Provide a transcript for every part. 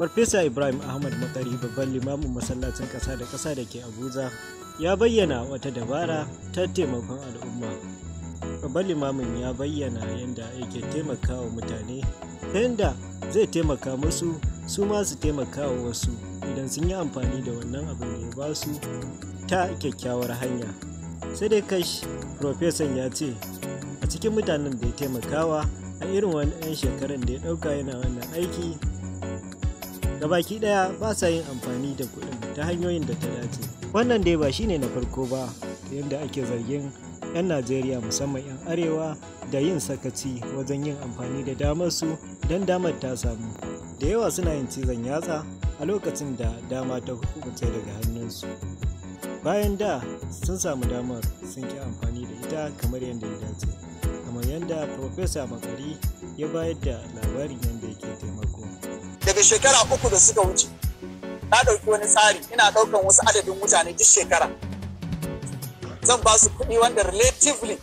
farfesa ibrahim ahmad makari babban limamin masallacin ƙasa da ƙasa da ke abuja ya bayyana wata dabara ta taimakon al'umma babban limamin ya bayyana yadda yake taimaka wa mutane yadda zai taimaka musu su ma su taimaka wa wasu idan sun yi amfani da wannan abin da ya ba su ta kyakkyawar hanya sai dai kashi profesan ya ce a cikin mutanen da ya taimakawa a irin wani 'yan shekarun da ya ɗauka yana wannan aiki baki daya ba sa yin amfani da kuɗin ta hanyoyin da ta dace wannan dai ba shine na farko ba yadda ake zargin 'yan najeriya musamman 'yan arewa da yin sakaci wajen yin amfani da damar su don damar ta samu da yawa suna yin cizon yatsa a lokacin da dama ta hukunce daga hannunsu bayan da sun samu damar sun ki amfani da ita kamar yadda ya dace kamar yadda farfesa makari ya bayar da labarin yadda daga shekara uku da suka wuce na ɗauki wani tsari ina ɗaukan wasu adadin mutane duk shekara zan ba su kuɗi wanda relatively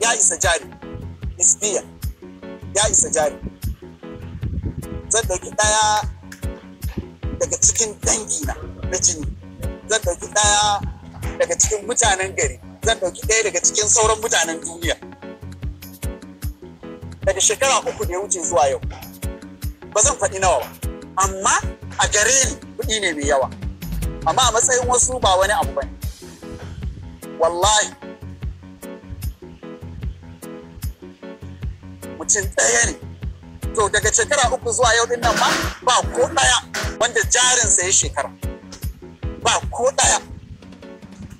ya isa jari nisbiya ya isa jari zan ɗauki ɗaya daga cikin dangina na jini zan ɗauki ɗaya daga cikin mutanen gari zan ɗauki ɗaya daga cikin sauran mutanen duniya daga shekara uku da ya wuce zuwa yau ba zan faɗi nawa ba amma a gare ni kuɗi ne mai yawa amma a matsayin wasu ba wani abu ba wallahi mutum ɗaya ne to daga shekara uku zuwa yau din nan ma ba ko ɗaya wanda jarinsa ya shekara ba ko ɗaya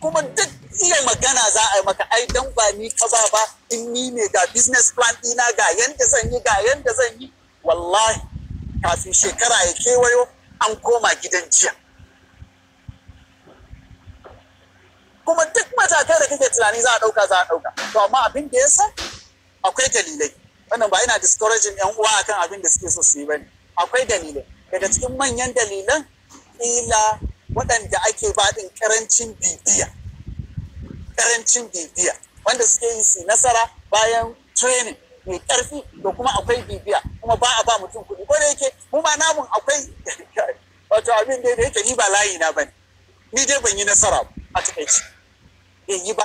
kuma duk iya magana za a yi maka ai dan ba ni ka ba ba in ni ne ga business plan ɗina ga yanda zan yi ga yanda zan yi wallahi kafin shekara ya kewayo an koma gidan jiya kuma duk matakai da kake tunani za a ɗauka za a ɗauka to amma abin da ya sa akwai dalilai wannan ba yana discouraging yan uwa akan abin da suke so su yi bane akwai dalilai daga cikin manyan dalilan ila waɗanda ake baɗin ƙarancin bibiya Ƙarancin bibiya wanda suke yi su nasara bayan training mai ƙarfi da kuma akwai bibiya kuma ba a mu ma namun akwai wato abin da yake ni ba layi na bane ni dai ban yi nasara a takaici yi ba